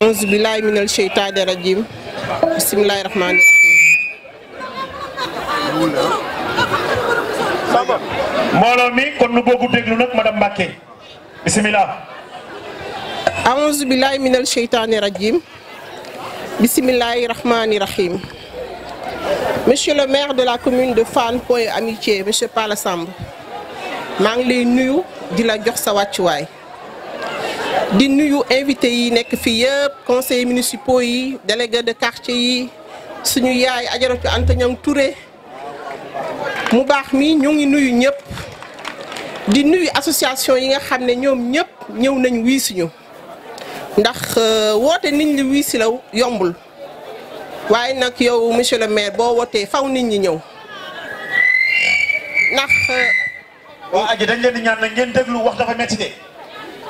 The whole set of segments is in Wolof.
auzu minel minal sheytaani rajiim bismillaahi rahmaani rahiim mbooloo mi kon nu bëggu déglu madame Mbacké Bismillah. auzu billaahi minal sheytaani rajiim bismillaahi rahmaani rahiim monsieur le maire de la commune de Fann Point Amitié monsieur Pala Samb maa ngi nuyu di la jox sa wàccuwaay di nuyu invité yi nekk fii yëpp conseillers municipaux yi délégués de quartier yi suñu yaay ajaratu Anta Niang Touré mu baax mi ñu ngi nuyu ñëpp di nuyu association yi nga xam ne ñoom ñëpp ñëw nañ wii suñu ndax euh, woote niñ li wii si la yombul waaye nag yow monsieur le maire boo wootee faw nit ñi ñëw ndax. Euh, waa dañ leen di ñaan na ngeen déglu wax dafa metti de.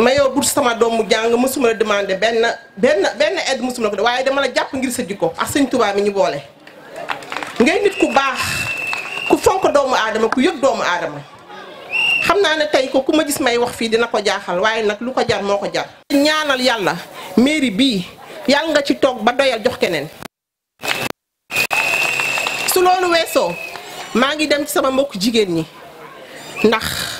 ma yow bu sama doom mu jàng mësuma la demandé benn benn benn aide mësuma la ko def waaye dama la jàpp ngir sa jikko ak sëñ Tuubaa mi ñu boole. ngay nit ku baax ku fonk doomu aadama ku yëg doomu aadama xam naa ne tey ko ku ma gis may wax fii dina ko jaaxal waaye nag lu ko jar moo ko jar. ñaanal yàlla mairie bii yàll nga ci toog ba doyal jox keneen. su loolu weesoo maa ngi dem ci sama mbokk jigéen ñi ndax.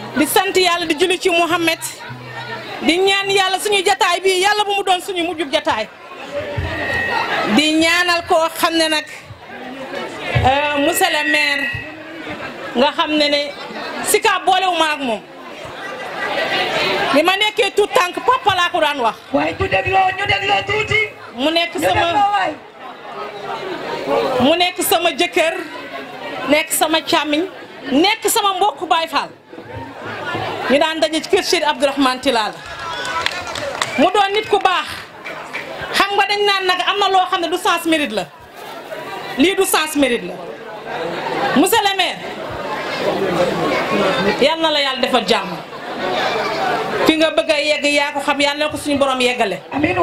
di sant yàlla di julli ci Mouhamed di ñaan yàlla suñu jataay bii yàlla bu doon suñu mu mujjub jataay di ñaanal koo xam ne nag euh, monsieur le maire nga xam ne ne Sicap boolewuma ak moom bi ma nekkee tu tànk papa laa ko wax. waaye ñu dégloo ñu mu nekk sama nekk sama jëkkër nekk sama càmmiñ nekk sama mbokk Baay Faal. ñu daan daje ci kër Cheikh Abdourahmane Tilala mu doon nit ku baax xam nga dañ naan nag am na loo xam ne du sens mérite la lii du sens mérite la monsieur le maire yal na la yàlla defal jàmm fi nga bëgg a yegg yaa ko xam yal na ko suñu borom yeggale. amiin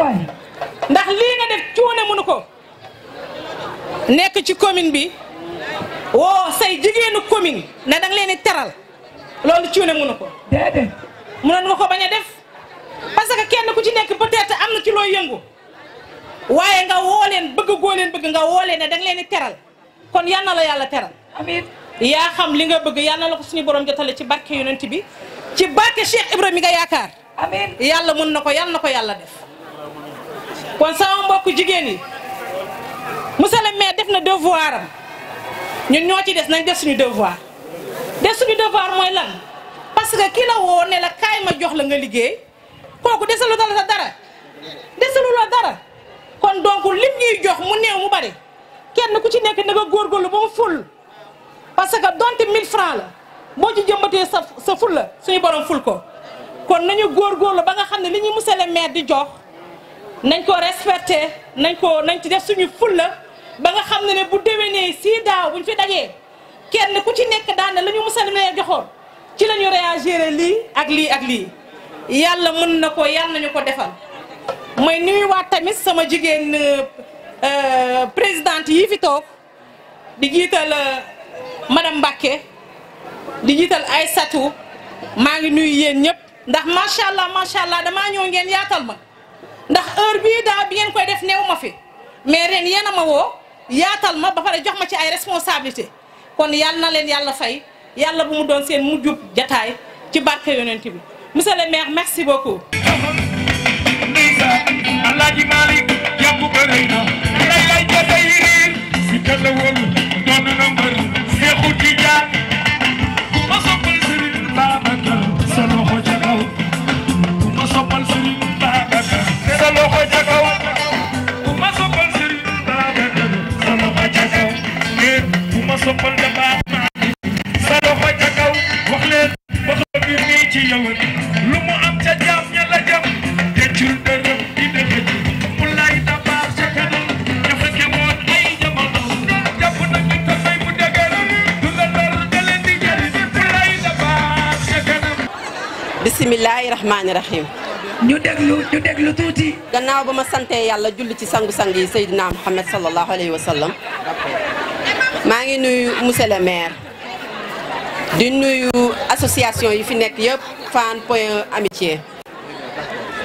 ndax lii nga def cuune mënu ko nekk ci commune bi woo say jigéenu commune ne danga leen di teral. loolu ne cuune mënu ko déedéet mënoon nga ko bañ a def parce que kenn ku ci nekk peut-être am na ci looy yëngu waaye nga woo leen bëgg goo leen bëgg nga woo leen ne danga leen di teral kon yal la yàlla teral amiin yaa xam li nga bëgg yal na la ko suñu borom jotale ci barke yonent bi ci barke Cheikh Ibrahima mi nga yaakaar yàlla mun na ko yal na ko yàlla def kon sama mbokk jigéen yi monsieur le maire def na devoir am ñun ñoo ci des nañ def suñu devoir te suñu devoir mooy lan parce que ki la woo ne la kaay ma jox la nga liggéey kooku desalu la sa dara desalu la dara kon donc lim ñuy jox mu néew mu bari kenn ku ci nekk na nga góorgóorlu ba mu ful parce que donte 1000 francs la boo ci jëmbatee sa sa ful la suñu borom ful ko kon nañu la ba nga xam ne li ñu monsieur le maire di jox nañ ko respecté nañ ko nañ ci def suñu ful la ba nga xam ne ne bu déwénee si daaw buñ fi dajee kenn ku ci nekk daan na la ñu musal maire joxoon ci la ñu réagir lii ak lii ak lii yàlla mën na ko yàlla nañu ko defal mooy nuyuwaat tamit sama jigéen euh, présidente yi fi toog di jiital euh, madame Mbacke di jiital Aïssatou maa ngi nuyu yéen ñëpp ndax macha allah macha allah damaa ñëw ngeen yaatal ma ndax heure bii daaw bi ngeen koy def néew ma fi mais ren yéen a ma woo yaatal ma ba pare jox ma ci ay responsabilité kon yàlla na leen yàlla fay yalla bu mu don sen mu djub jotaay ci barke yonenti bi monsieur le maire merci beaucoup alaaji Malick yàpp bëri na lay lay jëte yi riir si kan la na mbër Seexu Tijaan ku soppal Sëriñ Babacar sa loxo ca kaw ku soppal Sëriñ Babacar sa loxo ca kaw ku soppal Sëriñ Babacar sa loxo ca kaw ku soppal bismillaahi rahmaani rahim ñu déglu ñu déglu tuuti gannaaw ba ma santee yàlla julli ci sangu-sang yi Seydina Muhammad sallallahu alayhi wa maa ngi nuyu monsieur le maire di nuyu association yi fi nekk yëpp fann point amitié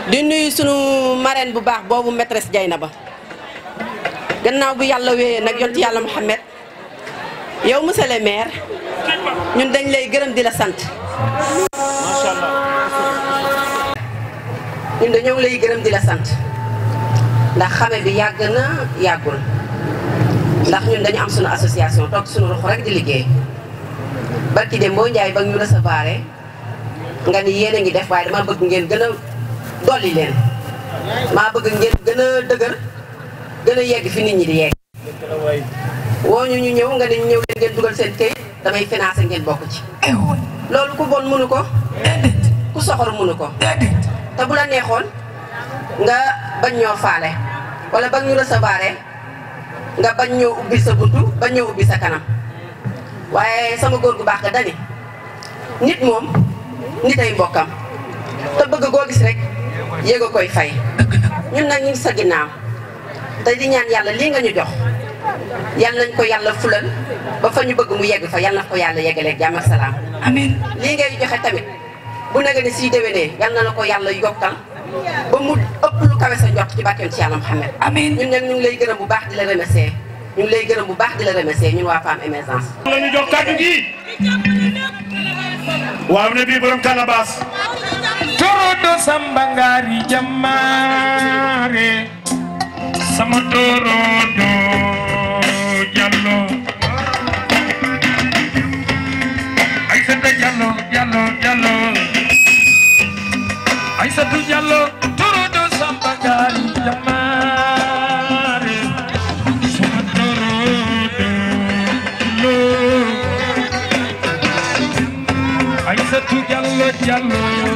di nuyu sunu marraine bu baax boobu maîtresse ba gannaaw bu yàlla wéyee nag yontu yàlla Mouhamed yow monsieur maire ñun dañ lay gërëm di la sant. macha lay gërëm di la ndax xame bi yàgg na yàggul ndax ñun dañu am sunu association toog sunu ruxu rek di liggéey barki dem boo Ndiaye ba ñu recevoir nga ni yéen a ngi def waaye dama bëgg ngeen gën a dolli leen maa bëgg ngeen gën a dëgër gën a yegg fi nit ñi di yegg woo ñu ñu ñëw nga ni ñëw leen ngeen dugal seen këyit damay financé ngeen bokk ci loolu ku bon mënu ko ku soxor mënu ko te bu la neexoon nga bañ ñoo faale wala bañ ñu recevoir nga bañ ñoo ubbi sa buntu bañ ñoo ubbi sa kanam waaye sama góor gu baax ga dani nit moom nit ay mbokkam te bëgg koo gis rek yéeg a koy fay ñun nag ñu sa ginnaaw te di ñaan yàlla lii nga ñu jox yàlla nañ ko yàlla fulal ba fa ñu bëgg mu yegg fa yàlla na ko yàlla yeggaleeg jàmm ak salaam. amiin lii ngay joxe tamit bu nag ne siy déwénee yàlla na ko yàlla yokkal ba mu ëpp lu kawe sa njort ci bàkkeem ci yàlla Muhammad. amiin ñun nag ñu ngi lay gërëm bu baax di la remercier ñu ngi lay gërëm bu baax di la remercier ñun waa Femme Émergence. la ñu jox kàddu gi. waaw ne bii borom kalabaas torodo samba ngaari jammaare sama torodo jallo ay sata jallo jallo jallo jàmm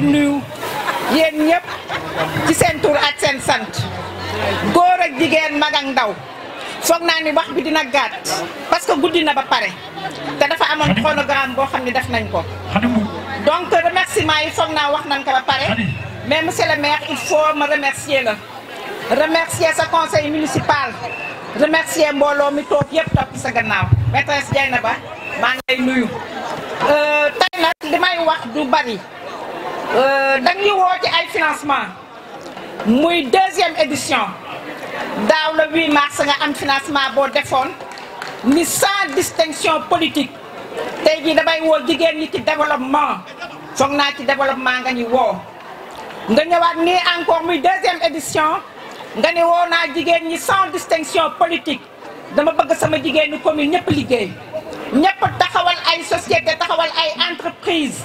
di nuyu yéen ñëpp ci seen tur ak seen sant góor ak jigéen mag ndaw foog naa ni wax bi dina gàtt parce que guddi na ba pare te dafa amoon chronogramme boo xam ne def nañ ko donc remerciement yi foog naa wax nañ ko ba pare mais monsieur le maire il ma remercier la remercier sa conseil municipal remercier mbooloo mi toog yëpp topp sa gannaaw maîtresse Dieynaba maa ngi nuyu euh, tey nag li may wax du bari Euh, dañ ñu woo ci ay financement muy deuxième édition daaw la 8 mars nga am financement boo defoon ni sans distinction politique tey jii damay woo jigéen ñi ci développement foog naa ci développement nga ñu woo nga ñëwaat nii encore muy deuxième édition nga ni woo naa jigéen ñi sans distinction politique dama bëgg sama jigéen ñi commune ñëpp liggéey ñëpp taxawal ay société taxawal ay entreprise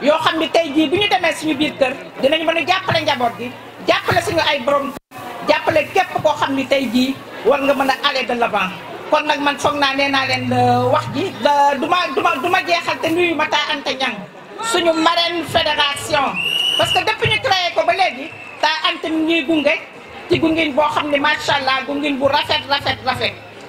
yoo xam ni tey jii bu ñu demee suñu biir kër dinañ mën a jàppale njaboot gi jàppale suñu ay borom jàppale képp koo xam ni tey jii war nga mën a aller de l'avant kon nag man foog naa nee naa leen euh, wax ji euh, du ma du ma du ma jeexal te nuyu ma taa Anta Niang suñu marraine fédération parce que depuis ñu créé ko ba léegi taa Anta ñuy gunge ci gungin boo xam ne macha allah gungin bu rafet rafet rafet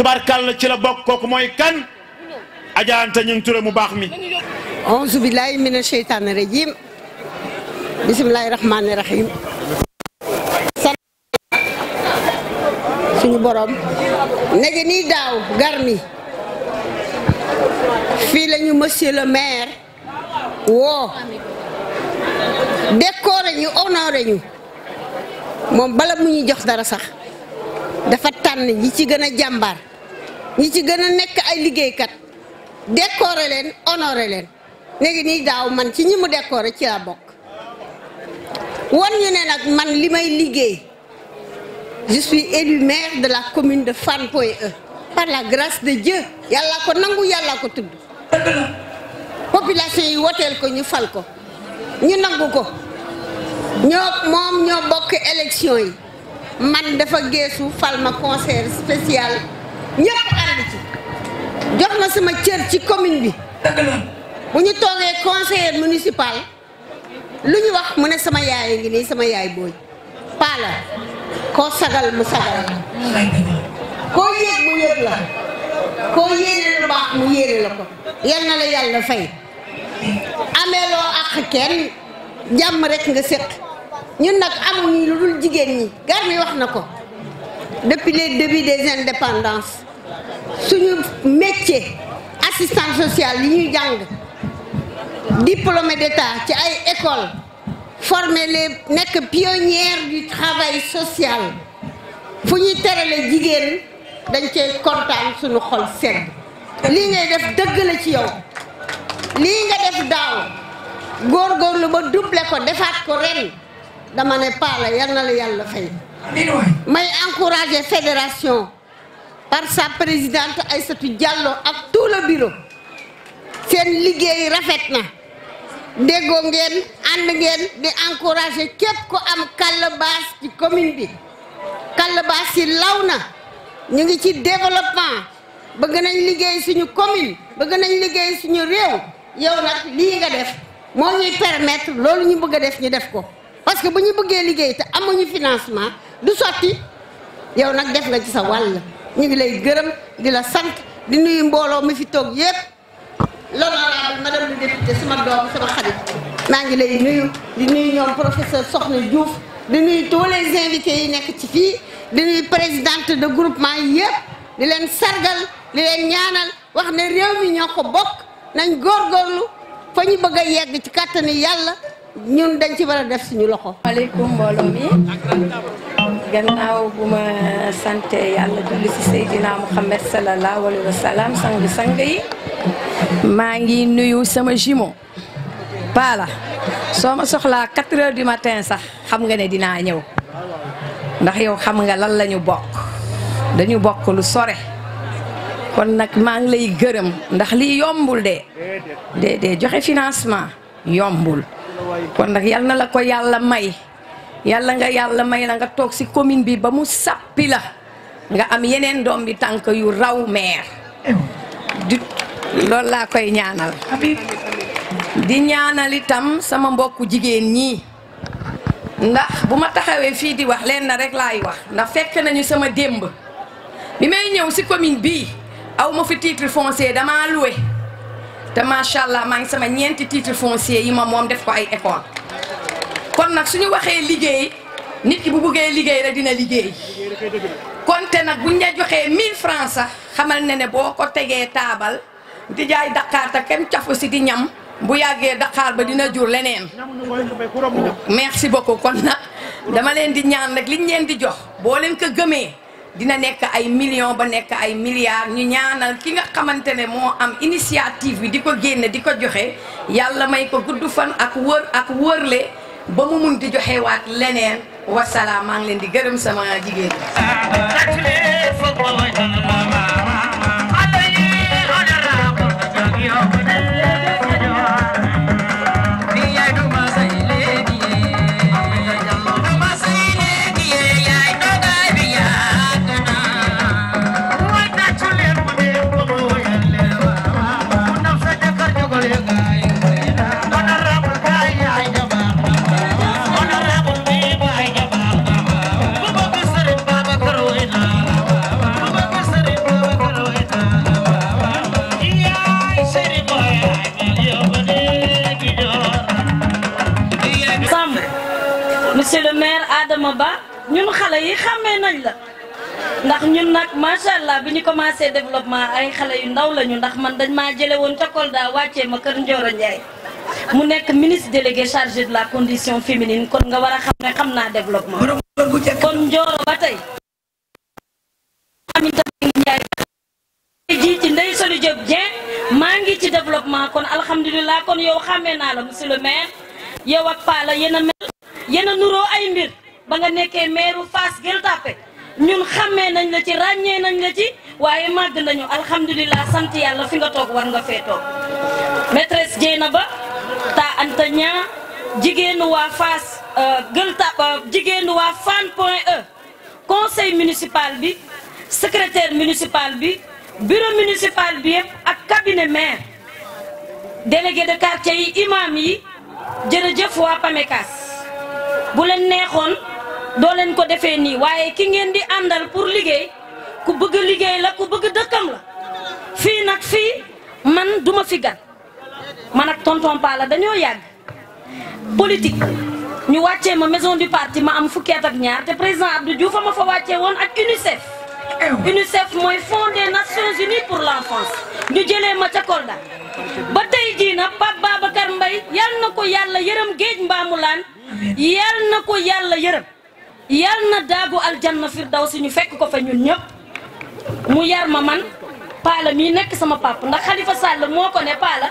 tabarkal ci la bok kok moy kan ajaante ñu turu mu bax mi on subillahi minash shaitanir rajim bismillahi rahmaani rahim suñu borom negi ni daw garmi fi lañu monsieur le maire wo décoré ñu honoré ñu mom bala mu ñu jox dara sax dafa tan ñi ci gëna jambar ñi ci gën a nekk ay liggéeykat décorer leen honorer leen léegi nii daw man ci ñimu décorer ci la bok won ñu né nak man limay liggéey je suis élu maire de la commune de Fann E par la grâce de Dieu yalla ko nangu yalla ko tudd population yi wotel ko ñu fal ko ñu nangu ko ñok mom ñoo bok élection yi man dafa geesu fal ma concert spécial ñëpp ànd ci jox ma sama cër ci commune bi bu ñu toogee conseiller municipal lu ñu wax mu ne sama yaay ngi nii sama yaay booy paala koo sagal mu sagal koo yéeg mu yéeg la lu baax la ko yal na la yàlla fay ameeloo ak kenn jàmm rek nga séq ñun nag amuñu lu dul jigéen ñi gar mi wax na ko depuis les débuts des indépendances suñu métier assistant sociale yi ñuy jàng diplômé d'état ci ay école formé les nekk pionnière du travail social fu ñuy terale jigéen dañ cay kontaan suñu xol sedd lii ngay def dëgg la ci yow lii nga def daaw góorgóorlu ba doublé ko defaat ko ren dama ne paa la yal fay may encourager fédération par sa ay Aïssatou Diallo ak tout le bureau seen liggéey rafet na déggoo ngeen ànd ngeen di encourager képp ku am calebasse ci commune bi calebasse yi law na ñu ngi ci développement bëgg nañ liggéey suñu commune bëgg nañ liggéey suñu réew yow nag lii nga def moo ñuy permettre loolu ñu bëgg a def ñu def ko parce que bu ñu bëggee liggéey te amuñu financement du sotti yow nag def nga ci sa wàll ñu ngi lay gërëm di la sant di nuyu mbooloo mi fi toog yépp l'honorable madame le député sama doom sama xarit maa ngi lay nuyu di nuyu ñoom professeur Soxna Diouf di nuyu tous les yi nekk ci fii di nuyu présidente de groupement yi yépp di leen sargal di leen ñaanal wax ne réew mi ñoo ko bokk nañ góorgóorlu fa ñu bëgg a yegg ci kàttanu yàlla ñun dañ ci war a def suñu loxo. gannaaw bu ma sante yàlla julli ci Seydina Muhammad sallallahu alayhi wa salaam sang-sang yi maa ngi nuyu sama jumeau Pala soo ma soxlaa 4 heures du matin sax xam nga ne dinaa ñëw ndax yow xam nga lan la ñu bokk dañu bokk lu sore kon nag maa ngi lay gërëm ndax lii yombul de de de joxe financement yombul kon nag yal na la ko yàlla may. yàlla nga yàlla may la nga toog si commune bi ba mu sàppi la nga am yeneen doom bi tànk yu raw meer di loolu laa koy ñaanal di ñaanal itam sama mbokku jigéen ñi ndax bu ma taxawee fii di wax lenn rek laay wax ndax fekk nañu sama démb bi may ñëw si commune bi aw ma fi titre foncier damaa loué te macha allah maa ngi sama ñeenti titre foncier yi ma moom def ko ay école kon nag su ñu waxee liggéey nit ki bu buggee liggéey rek dina liggéey konte nag buñ la joxee mille francs sax xamal ne ne boo ko tegee taabal di jaay daqaar te kenn cafu si di ñam bu yàggee daqaar ba dina jur leneen merci beaucoup kon nag dama leen di ñaan rek liñ leen di jox boo leen ko gëmee dina nekk ay millions ba nekk ay milliards ñu ñaanal ki nga xamante ne moo am initiative bi di ko génn di ko joxe yàlla may ko gudd fan ak wër ak wërle ba mu mun di joxe waat leneen wasalaam maa ngi leen di gërëm sama jigéen yi xàmmee nañ la ndax ñun nag macha allah bi ñu commencé développement ay xale yu ndaw lañu ndax man dañ maa jële woon ca Kolda wàccee ma kër Ndioro Ndiaye mu nekk ministre délégué chargé de la condition féminine kon nga war a xam ne xam naa développement kon Ndioro ba tey Aminata Ndiaye ji ci Ndeye Soli Diop Dieng maa ngi ci développement kon alhamdulilah kon yow xàmmee naa la monsieur le maire yow ak Paa la yéen a mel yéen nuroo ay mbir ba nga nekkee meeru Fass Gueule Tapée ñun xàmmee nañ la ci ràññee nañ la ci waaye màgg nañu alhamdulilah sant yàlla fi nga toog war nga fee toog maîtresse Dieynaba ba Anta Niang jigéenu waa Fass euh, Gueule euh, jigéenu waa Fann Point E conseil municipal bi secrétaire municipal bi bureau municipal bi yëpp ak cabinet maire délégué de quartier yi imam yi jërëjëf waa PAMECAS bu leen neexoon doo leen ko defee nii waaye ki ngeen di àndal pour liggéey ku bëgg liggéey la ku bëgg dëkkam la fii nag fii man duma fi gan man ak tonton dañoo yàgg politique ñu wàccee ma maison du parti ma am fukki at ak ñaar te président Abdou Diouf ma fa wàccee woon ak UNICEF UNICEF mooy Fonds des Nations Unies pour l'enfance ñu jëlee ma ca Kolda ba tey jii nag Pape Babacar Mbaye yal na ko yàlla yërëm géej mbaamulaan yal na ko yàlla yërëm yal na daagu aljanna si ñu fekk ko fa ñun ñëpp mu yar ma man paala mii nekk sama pap ndax xalifa Sall moo ko ne paala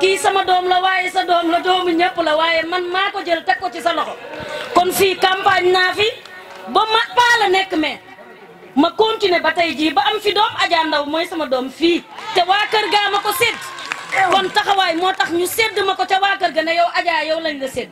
kii sama doom la waaye sa doom la doomu ñëpp la waaye man maa ko jël teg ko ci sa loxo kon fii campagne naa fi ba paala nekk mais ma continuer ba tey jii ba am fi doom Adja Ndaw mooy sama doom fii te waa kër gaa ma ko sedd kon taxawaay moo tax ñu sedd ma ko ca waa kër ga ne yow Adja yow lañ la sédd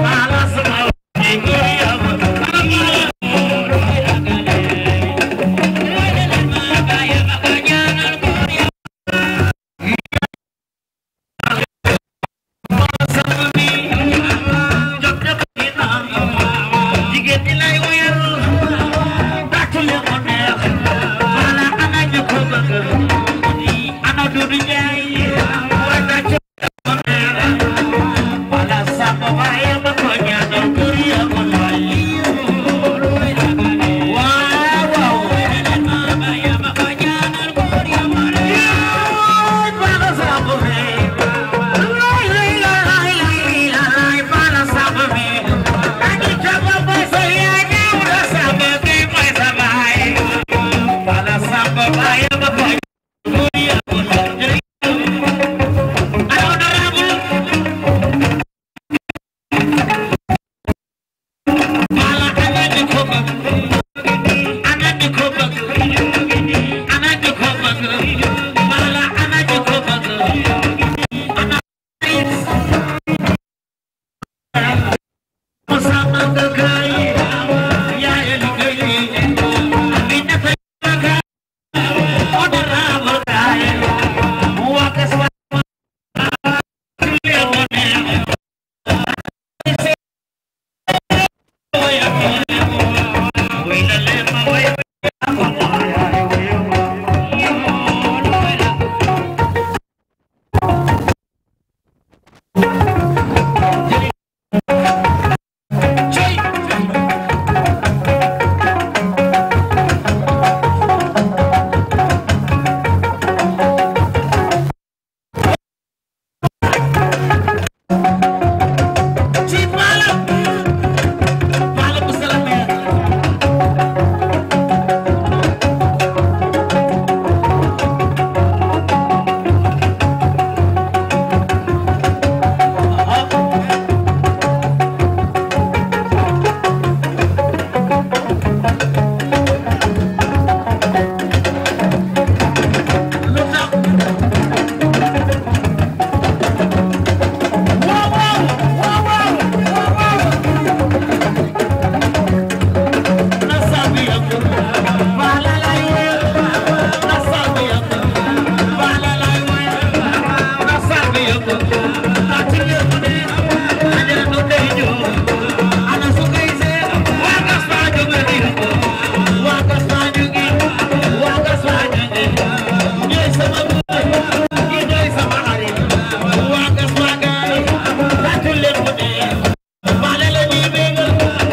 balança